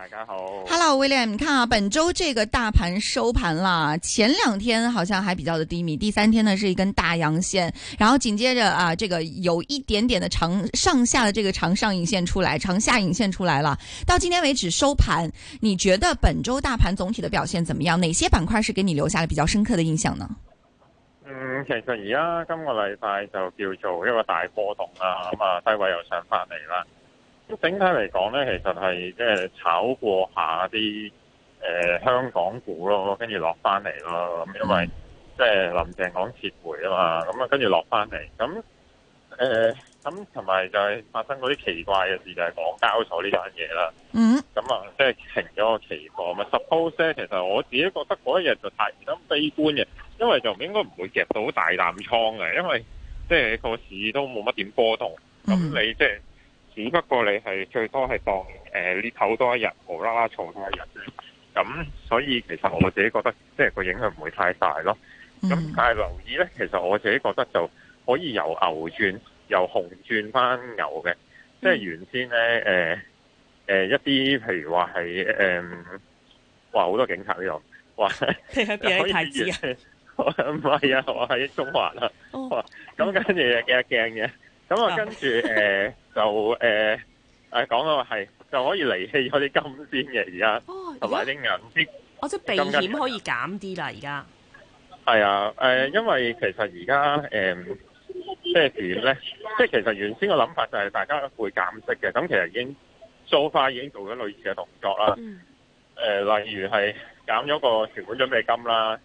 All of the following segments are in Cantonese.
大家好，Hello，William，你看啊，本周這個大盤收盤啦，前兩天好像還比較的低迷，第三天呢是一根大陽線，然後緊接着啊，這個有一點點的長上下的這個長上影線出來，長下影線出來了，到今天為止收盤，你覺得本周大盤總體的表現怎麼樣？哪些板塊是給你留下了比較深刻的印象呢？嗯，其實而家今個禮拜就叫做一個大波動啦，咁、嗯、啊低位又上翻嚟啦。咁整體嚟講咧，其實係即係炒過下啲誒、呃、香港股咯，跟住落翻嚟咯。咁因為、mm. 即係林鄭講撤回啊嘛，咁啊跟住落翻嚟。咁誒咁同埋就係發生嗰啲奇怪嘅事，就係、是、講交手呢樣嘢啦。嗯。咁啊、嗯，即係、嗯、停咗個期貨。咁啊，suppose 咧，其實我自己覺得嗰一日就太咁悲觀嘅，因為就應該唔會夾到大淡倉嘅，因為即係個市都冇乜點波動。咁、嗯 mm. 你即係。只不過你係最多係當誒，你唞多一日，無啦啦坐多一日咁，所以其實我自己覺得，即係個影響唔會太大咯。咁但係留意咧，其實我自己覺得就可以由牛轉，由熊轉翻牛嘅，即係原先咧，誒、呃、誒、呃、一啲譬如話係誒話好多警察呢度，話你係太子唔係啊，我係中環啦，、啊。咁跟住又驚一驚嘅。咁啊，跟住誒就誒誒講到係，就可以離棄嗰啲金先嘅而家，同埋啲銀先，避險可以減啲啦？而家係啊，誒，因為其實而家誒即係點咧？即係其實原先嘅諗法就係大家會減息嘅，咁其實已經 So far 已經做咗類似嘅動作啦。誒，例如係減咗個存款準備金啦，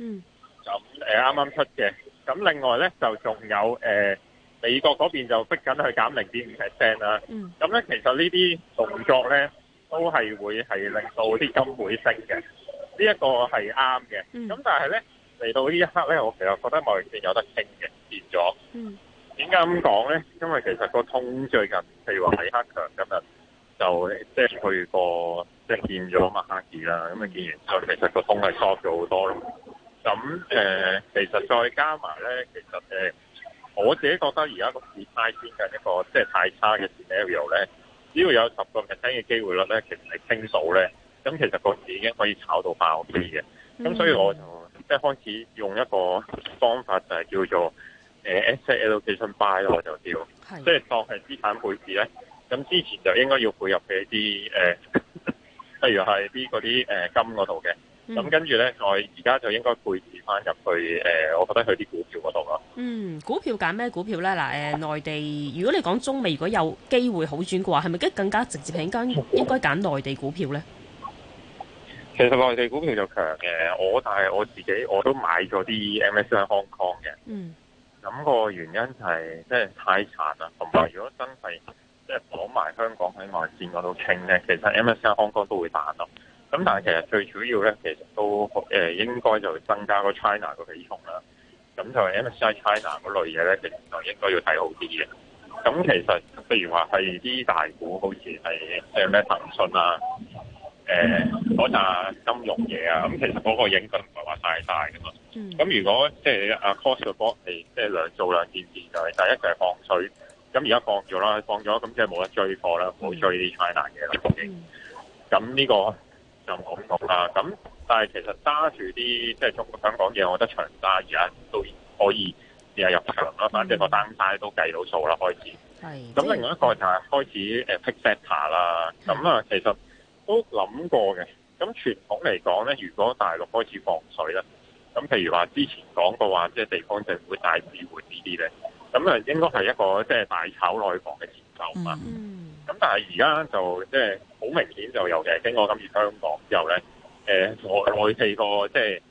咁誒啱啱出嘅。咁另外咧就仲有誒。美國嗰邊就逼緊去減零點五 percent 啦。咁咧，其實呢啲動作咧都係會係令到啲金會升嘅。呢一個係啱嘅。咁但係咧嚟到呢一刻咧，我其實覺得貿易戰有得傾嘅變咗。點解咁講咧？因為其實個通最近，譬如話李克強今日就即係去過，即係見咗默克爾啦。咁啊見完之後，其實個通係縮咗好多咯。咁誒，其實再加埋咧，其實誒。我自己覺得而家個市差先嘅一個即係太差嘅 scenario 咧，只要有十個 percent 嘅機會率咧，其實係傾到咧，咁其實個市已經可以炒到爆嘅。咁、嗯、所以我就即係開始用一個方法就係叫做誒、呃、asset allocation buy 我就掉，即係的當係資產配置咧。咁之前就應該要配入嘅一啲誒，例、呃、如係啲嗰啲誒金嗰度嘅。咁、嗯、跟住咧，我而家就應該配置翻入去誒、呃，我覺得佢啲股票嗰度咯。嗯，股票揀咩股票咧？嗱、呃、誒，內地如果你講中美如果有機會好轉嘅話，係咪即係更加直接喺間應該揀內地股票咧？其實內地股票就強嘅，我但係我自己我都買咗啲 MSC Hong Kong 嘅。嗯。咁個原因係即係太殘啦，同埋如果真係即係攞埋香港喺外線嗰度傾咧，其實 MSC Hong Kong 都會打落。咁但係其實最主要咧，其實都誒、呃、應該就增加個 China 個比重啦。咁就係 MSCI China 嗰類嘢咧，其實就應該要睇好啲嘅。咁其實譬如話係啲大股，好似係誒咩騰訊啊、誒嗰陣金融嘢啊，咁其實嗰個影響唔係話太大嘅嘛。咁、嗯、如果即係阿 Cost 嘅波係即係兩做兩件事，就係、是、第一就係、是、放水，咁而家放咗啦，放咗咁即係冇得追貨啦，冇、嗯、追啲 China 嘢啦。咁呢、這個。就講講啦，咁、嗯、但係其實揸住啲即係中國香港嘅嘢，我覺得長揸而家都可以試下入場啦，反正個單單都計到數啦，嗯、開始。係是。咁另外一個就係開始誒 pick sector 啦，咁啊其實都諗過嘅。咁傳統嚟講咧，如果大陸開始放水咧，咁譬如話之前講過話，即係地方政府大規模呢啲咧，咁啊應該係一個即係大炒內房嘅前奏啊。嗯。咁但係而家就即係好明顯就尤其係，經過今次香港之後咧，誒、呃、內內地個即係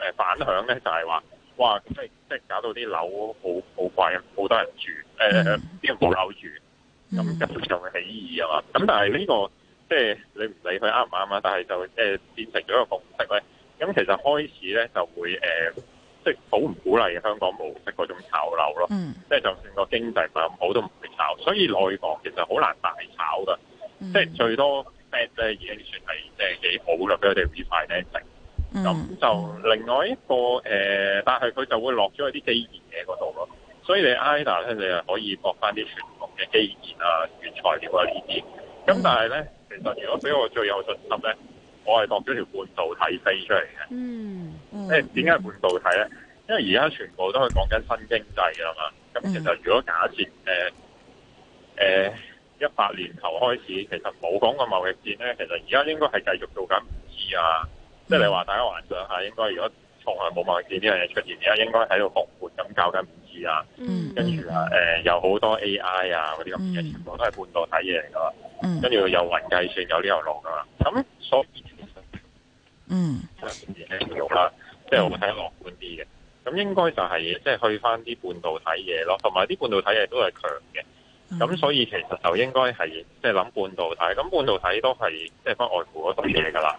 誒反響咧，就係、是、話哇，即係即係搞到啲樓好好貴，好多人住，誒啲人冇樓住，咁急速就會起義啊嘛！咁但係呢個即係你唔理佢啱唔啱啦，但係、這個、就即誒、呃、變成咗一個共識咧，咁、嗯、其實開始咧就會誒。呃即係好唔鼓勵嘅香港模式嗰種炒樓咯，mm. 即係就算個經濟唔係好都唔會炒，所以內房其實好難大炒噶，mm. 即係最多已經算係即係幾好啦，俾佢哋 refinancing。咁、mm. 就另外一個誒、呃，但係佢就會落咗啲基建嘅嗰度咯，所以你、e、IDA 咧你係可以博翻啲傳統嘅基建啊、原材料啊呢啲。咁但係咧，其實如果俾我最有信心咧。我係落咗條半導體飛出嚟嘅、嗯。嗯，誒點解係半導體咧？因為而家全部都係講緊新經濟啊嘛。咁、嗯、其實如果假設誒誒一八年頭開始，其實冇講過貿易戰咧，其實而家應該係繼續做緊五 G 啊。即係你話大家幻想下，應該如果從來冇貿易戰呢樣嘢出現，而家應該喺度復活咁搞緊五 G 啊嗯。嗯。跟住啊，誒、呃、有好多 AI 啊嗰啲咁嘅，全部都係半導體嘢嚟噶嘛。跟住又雲計算有呢條路噶嘛。咁所以。嗯，誒電氣用啦，即係我會睇樂觀啲嘅，咁應該就係即係去翻啲半導體嘢咯，同埋啲半導體嘢都係強嘅，咁所以其實就應該係即係諗半導體，咁半導體都係即係不外乎嗰種嘢噶啦。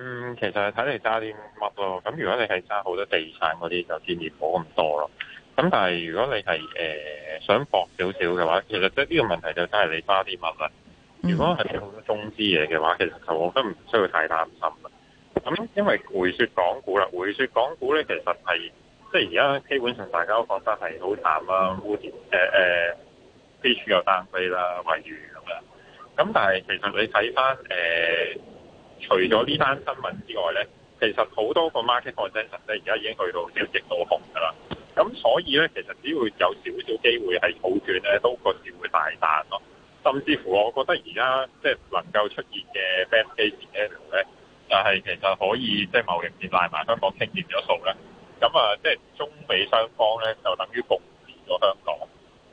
嗯，其實睇你揸啲乜咯。咁如果你係揸好多地產嗰啲，就自然冇咁多咯。咁但係如果你係誒、呃、想搏少少嘅話，其實即係呢個問題就真係你揸啲乜啦。如果係啲好中資嘢嘅話，其實我都唔需要太擔心。咁因為回說港股啦，回說港股咧，其實係即係而家基本上大家都覺得係好淡啦，誒誒，啲、呃、處又單飛啦，例如咁啦。咁但係其實你睇翻誒。呃除咗呢單新聞之外呢，其實好多個 market content 咧，而家已經去到小極都紅㗎喇。咁所以呢，其實只要有少少機會係好轉呢，都個市會大彈咯。甚至乎，我覺得而家即係能夠出現嘅 best case scenario 咧，就係、是、其實可以即係、就是、貿易戰賴埋香港傾掂咗數呢。咁啊，即、就、係、是、中美雙方呢，就等於共治咗香港，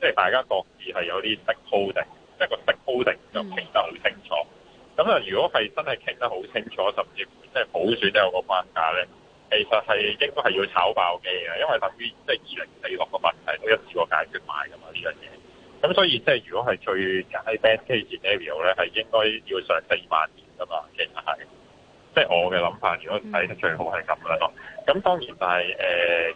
即、就、係、是、大家各自係有啲 disclosure 即係個 disclosure 就傾得好清楚。嗯。咁啊！如果係真係傾得好清楚，甚至乎即係普選都有個框架咧，其實係應該係要炒爆機嘅，因為等於即係二零四六嘅問題都一次過解決埋㗎嘛呢樣嘢。咁所以即係如果係最 best case scenario 咧，係 應該要上四萬年㗎嘛，其實係。即係我嘅諗法，如果睇得最好係咁樣咯。咁當然但係誒，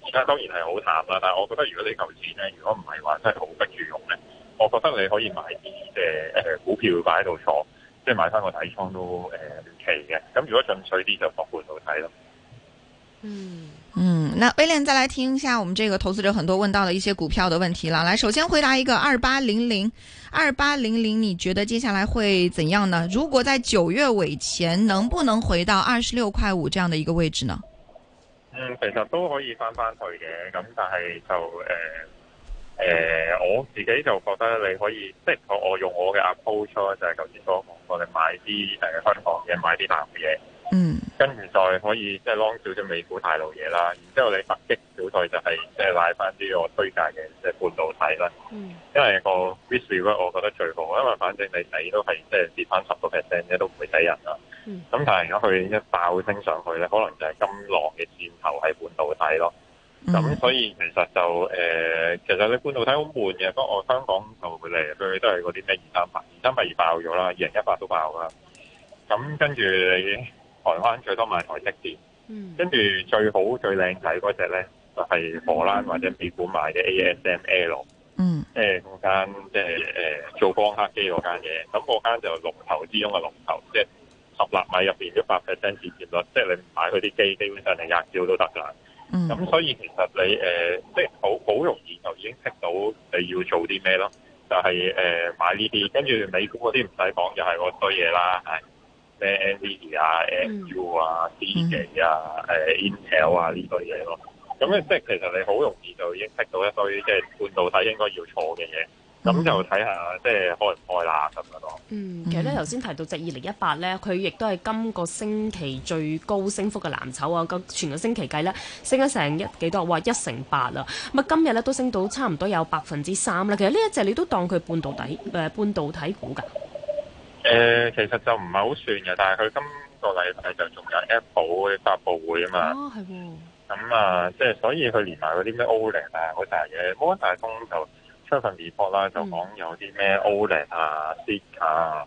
而家當然係好淡啦。但係我覺得如，如果你嚿錢咧，如果唔係話真係好逼住用咧，我覺得你可以買啲即係股票擺喺度坐。即係買翻個底倉都誒唔奇嘅，咁、呃嗯、如果進取啲就博盤好睇咯。嗯嗯，那威廉，再來聽一下我們這個投資者很多問到的一些股票的問題啦。來，首先回答一個二八零零二八零零，你覺得接下來會怎樣呢？如果在九月尾前，能不能回到二十六塊五這樣的一個位置呢？嗯，其實都可以翻翻去嘅，咁但係就誒誒、呃呃，我自己就覺得你可以，即係我我用我嘅 approach 就係頭先講。我哋買啲誒香港嘅，買啲大陸嘢，嗯，mm. 跟住再可以即係 long 少少美股大路嘢啦，然之後你突擊小隊就係即係買翻啲我推介嘅即係半導體啦，嗯，mm. 因為個 visual 我覺得最好，因為反正你底都係即係跌翻十個 percent 嘅都唔會死人啦，嗯，咁但係如果佢一爆升上去咧，可能就係今浪嘅箭頭係半導體咯。咁、嗯、所以其實就誒、呃，其實你半導體好悶嘅，不過我香港就嚟佢都係嗰啲咩二三百，二三百已爆咗啦，二零一八都爆啦。咁跟住你台灣最多買台積電，嗯、跟住最好最靚仔嗰隻咧就係、是、荷蘭或者美股買嘅 ASML，嗯，誒嗰間即係誒做光刻機嗰間嘢，咁嗰間就龍頭之中嘅龍頭，即係十納米入邊一百 percent 市佔率，即、就、係、是、你買佢啲機，基本上你日照都得㗎。咁、mm hmm. 所以其實你誒，即係好好容易就已經識到你要做啲咩咯，就係、是、誒、呃、買呢啲，跟住美股嗰啲唔使講就係個堆嘢啦，係咩 NVDA 啊、MU 啊、CG 啊、誒、mm hmm. uh, Intel 啊呢堆嘢咯，咁咧即係其實你好容易就已經識到一堆即係半導體應該要做嘅嘢。咁就睇下，即係開唔開啦咁樣囉。嗯，其實咧頭先提到隻二零一八咧，佢亦都係今個星期最高升幅嘅藍籌啊！咁全個星期計咧，升咗成一幾多？哇，一成八啊！今日咧都升到差唔多有百分之三啦。其實呢一隻你都當佢半導體誒、呃、半導體股㗎。誒、呃，其實就唔係好算嘅，但係佢今個禮拜就仲有 Apple 嘅發布會啊嘛。哦，係喎。咁啊，即係所以佢連埋嗰啲咩 OLED 啊，好大嘢，摩大通就。新聞 report 啦，嗯、就講有啲咩 OLED 啊、ASI、mm hmm. C 啊，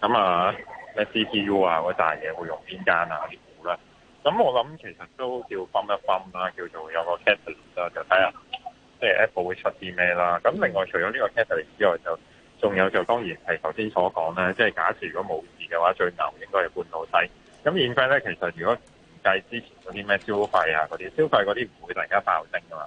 咁啊咩 CPU 啊嗰大嘢會用邊間啊啲股啦。咁我諗其實都要分一分啦、啊，叫做有個 category、啊、就睇下，即係 Apple 會出啲咩啦。咁另外除咗呢個 category 之外就，就仲有就當然係頭先所講咧，即係假設如果冇事嘅話，最牛應該係半導體。咁現況咧，其實如果唔計之前嗰啲咩消費啊嗰啲，消費嗰啲唔會突然間爆升噶嘛。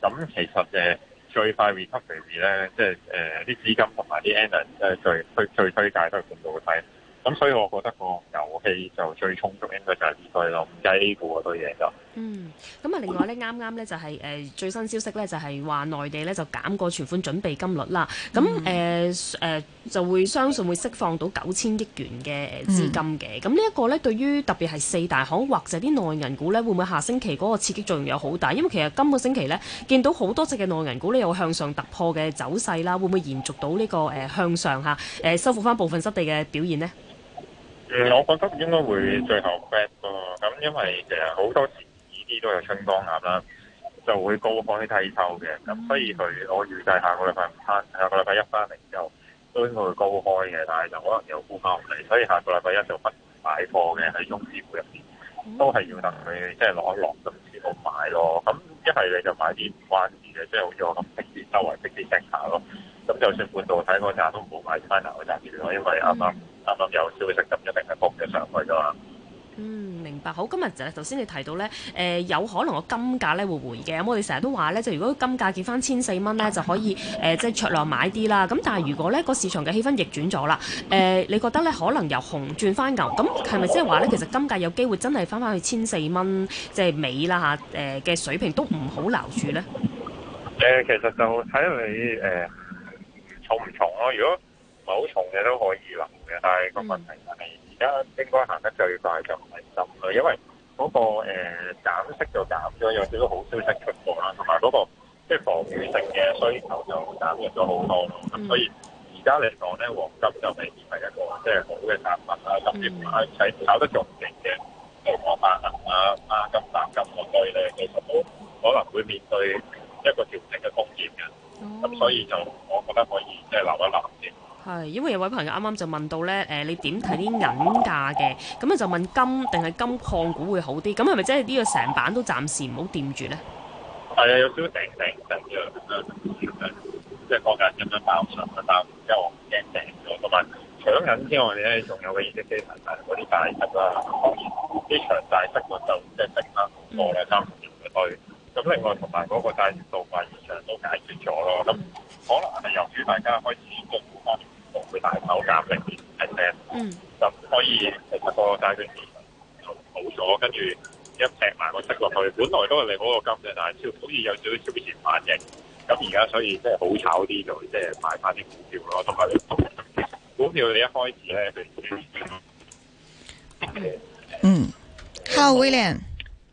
咁其實嘅。最快 recovery 咧，即係誒啲資金同埋啲 asset，即係最推最推介都係印度幣。咁所以，我覺得個遊戲就最充足應，應該就係呢堆咯，唔計 A 股嗰堆嘢就嗯咁啊。另外咧，啱啱咧就係、是、誒、呃、最新消息咧，就係話內地咧就減過存款準備金率啦。咁誒誒就會相信會釋放到九千億元嘅誒資金嘅。咁、嗯、呢一個咧，對於特別係四大行或者啲內銀股咧，會唔會下星期嗰個刺激作用有好大？因為其實今個星期咧見到好多隻嘅內銀股咧有向上突破嘅走勢啦，會唔會延續到呢、這個誒、呃、向上吓誒、呃、收復翻部分失地嘅表現呢？嗯，我覺得應該會最後跌咯。咁因為其實好多時呢啲都有春江鴨啦，就會高開低收嘅。咁所以佢我預計下個禮拜五翻，下個禮拜一翻嚟之後都會高開嘅，但係就可能有沽翻落嚟。所以下個禮拜一就不停擺貨嘅喺中資股入面，都係要、就是、下下等佢即係攞一落咁先好買咯。咁一係你就買啲唔關事嘅，即係好似我咁啲周圍啲啲下咯。咁就算半度睇個價都唔好買差牛嘅價段咯，因為啱啱啱啱有消息，咁一定係搏嘅上去咗嘛。嗯，明白。好，今日就咧頭先你提到咧，誒、呃、有可能個金價咧會回嘅。咁、嗯、我哋成日都話咧，就如果金價跌翻千四蚊咧，就可以誒即係酌量買啲啦。咁但係如果咧個市場嘅氣氛逆轉咗啦，誒、呃、你覺得咧可能由熊轉翻牛，咁係咪即係話咧，其實金價有機會真係翻翻去千四蚊即係尾啦嚇誒嘅水平都唔好留住咧？誒、呃，其實就睇你誒。呃重唔重咯、啊？如果唔係好重嘅都可以諗嘅，但係個問題就係而家應該行得最快就唔係金啦，因為嗰、那個誒減息就減咗，有少少好消息出過啦，同埋嗰個即係、就是、防禦性嘅需求就減弱咗好多咯。咁所以而家嚟講咧，黃金就未必係一個即係、就是、好嘅產品啦。甚至係炒得仲勁嘅白銀啊、啊金蛋金黃類咧，其實都可能會面對一個調整嘅風險嘅。咁所以就我覺得可以。因為有位朋友啱啱就問到咧，誒你點睇啲銀價嘅？咁啊就問金定係金礦股會好啲？咁係咪即係呢個成板都暫時唔好掂住咧？係啊，有少少定定咁樣啦，即係個價咁樣爆上一單，因為我驚定咗同埋搶銀之外咧，仲有個意識機場嗰啲大室啦，啲長大室嗰就即係定翻好多嘅金入去堆。咁另外同埋嗰個帶數塊現場都解決咗咯。咁可能係由於大家開始。佢大手減力，一隻就可以其實多，但係但係佢冇咗，跟住一劈埋個息落去，本來都係你好個金嘅，但係超好似有少少超前反應。咁而家所以即係好炒啲就即係買返啲股票咯，同埋你股票你一開始咧，嗯，Hello，William，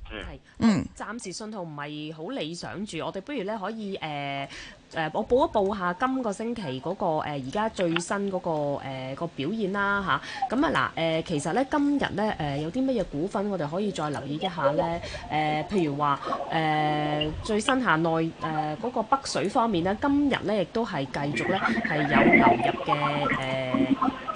嗯，嗯，暫時信號唔係好理想住，我哋不如咧可以誒。誒、呃，我報一報一下今個星期嗰、那個而家、呃、最新嗰、那個誒、呃、表現啦嚇。咁啊嗱誒、呃，其實咧今日咧誒有啲乜嘢股份我哋可以再留意一下咧？誒、呃，譬如話誒、呃，最新下內誒嗰、呃那個北水方面咧，今日咧亦都係繼續咧係有流入嘅誒。呃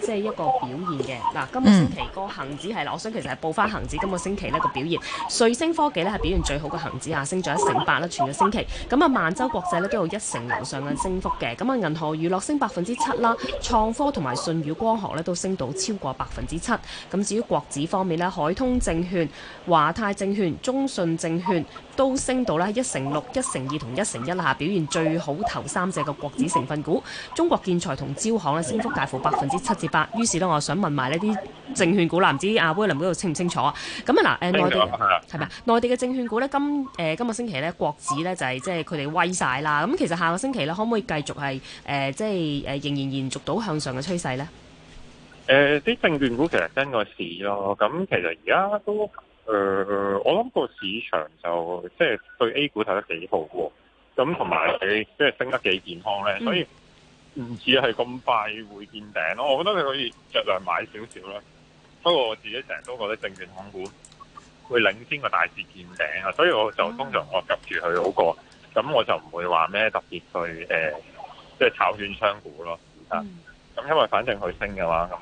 即係一個表現嘅嗱、啊，今個星期個恒指係、mm. 我想其實係報翻恒指今個星期呢個表現。瑞聲科技呢係表現最好嘅恒指下升咗一成八啦，全個星期。咁啊，萬洲國際呢都有一成樓上嘅升幅嘅。咁啊，銀河娛樂升百分之七啦，創科同埋舜宇光學呢都升到超過百分之七。咁至於國指方面呢，海通證券、華泰證券、中信證券都升到咧一成六、一成二同一成一啦嚇，1，下表現最好頭三隻嘅國指成分股。中國建材同招行呢，升幅介乎百分之七至八。啊！於是咧，我想問埋呢啲證券股啦，唔知阿威廉嗰度清唔清楚啊？咁啊嗱，誒、呃、清楚，內地係咪啊？內地嘅證券股咧，今誒、呃、今個星期咧，國指咧就係即係佢哋威晒啦。咁其實下個星期咧，可唔可以繼續係誒、呃、即係誒仍然延續到向上嘅趨勢咧？誒啲、呃、證券股其實真個市咯，咁其實而家都誒、呃、我諗個市場就即係對 A 股睇得幾好喎。咁同埋你即係升得幾健康咧？所以、嗯。唔似係咁快會見頂咯，我覺得你可以着量買少少啦。不過我自己成日都覺得證券控股會領先個大市見頂啊，所以我就通常我及住佢好過，咁我就唔會話咩特別去誒，即、呃、係、就是、炒券商股咯。啊，咁因為反正佢升嘅話，咁、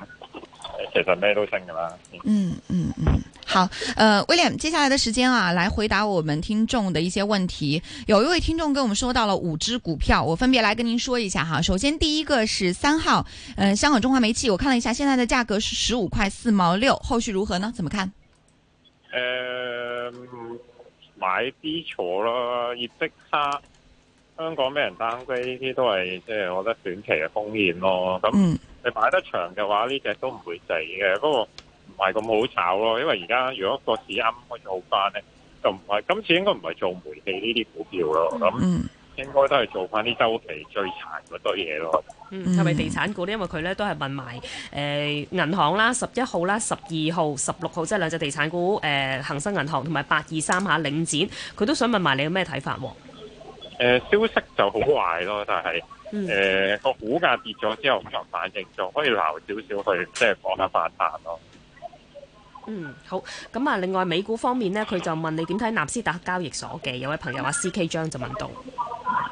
呃、其實咩都升噶啦。嗯嗯嗯。嗯。好，誒、呃、，William，接下來的時間啊，來回答我們聽眾的一些問題。有一位聽眾跟我們說到了五隻股票，我分別來跟您說一下哈。首先第一個是三號，誒、呃，香港中華煤氣，我看了一下，現在的價格是十五塊四毛六，後續如何呢？怎麼看？誒、呃，買啲坐咯，業績差，香港俾人 downgrade 呢啲都係即係我覺得短期嘅風險咯。咁你買得長嘅話，呢隻都唔會滯嘅。不過唔係咁好炒咯，因為而家如果個市啱開始好翻咧，就唔係今次應該唔係做煤氣呢啲股票咯。咁應該都係做翻啲周期、最殘嗰堆嘢咯。嗯，係咪地產股咧？因為佢咧都係問埋誒銀行啦，十一號啦、十二號、十六號即係兩隻地產股誒恒生銀行同埋八二三下領展，佢都想問埋你有咩睇法。誒，消息就好壞咯，但係誒個股價跌咗之後，市反應就可以留少少去，即係講下反彈咯。嗯，好。咁、嗯、啊，另外美股方面咧，佢就問你點睇納斯達克交易所嘅？有位朋友阿 C K 張就問到。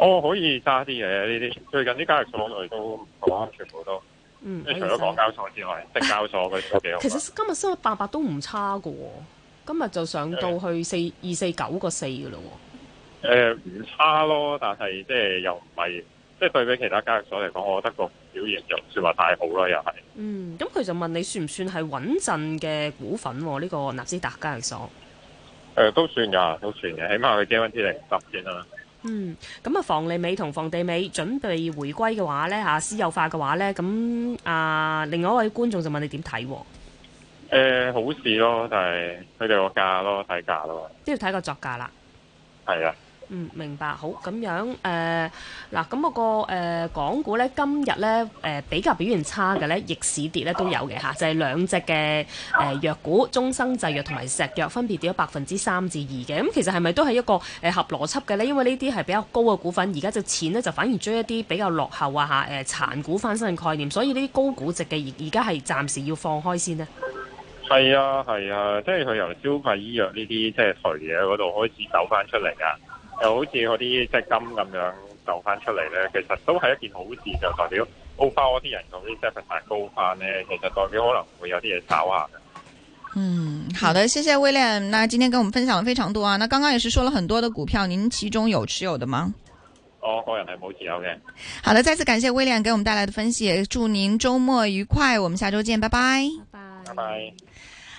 哦，可以加啲嘢。」呢啲，最近啲交易所都好，全部都。嗯。即除咗港交所之外，即 交易所佢都幾好。 其實今日收八百都唔差噶，今日就上到去四二四九個四噶咯。誒、嗯，唔、呃、差咯，但係即係又唔係，即係對比其他交易所嚟講，我覺得都。表現就唔算話太好啦，又係。嗯，咁佢就問你算唔算係穩陣嘅股份，啊？呢、這個納斯達克交易所。誒、呃，都算噶，都算嘅，起碼佢驚返啲嚟，十先啦。嗯，咁啊，房利美同房地美準備回歸嘅話咧，吓私有化嘅話咧，咁啊、呃，另外一位觀眾就問你點睇、啊？誒、呃，好事咯，就係佢哋個價咯，睇價咯，都要睇個作價啦。係啊。嗯，明白。好咁樣誒，嗱、呃、咁、那個誒、呃、港股咧，今日咧誒比較表現差嘅咧，逆市跌咧都有嘅吓、啊，就係兩隻嘅誒藥股，中生製藥同埋石藥，分別跌咗百分之三至二嘅。咁、啊、其實係咪都係一個誒合邏輯嘅咧？因為呢啲係比較高嘅股份，而家隻錢咧就反而追一啲比較落後啊吓誒殘股翻身嘅概念，所以呢啲高估值嘅而家係暫時要放開先呢。係啊係啊，即係佢由消費醫藥呢啲即係頹嘢嗰度開始走翻出嚟㗎！又好似嗰啲即金咁樣走翻出嚟咧，其實都係一件好事，就代表澳花嗰啲人用啲 set up 係高翻咧，其實代表可能會有啲嘢炒下。嗯，好的，謝謝 William。那今天跟我們分享了非常多啊，那剛剛也是說了很多嘅股票，您其中有持有的嗎？哦，個人係冇持有嘅。好的，再次感謝 William 給我們帶來的分析，祝您周末愉快，我們下周見，拜拜。拜拜。拜拜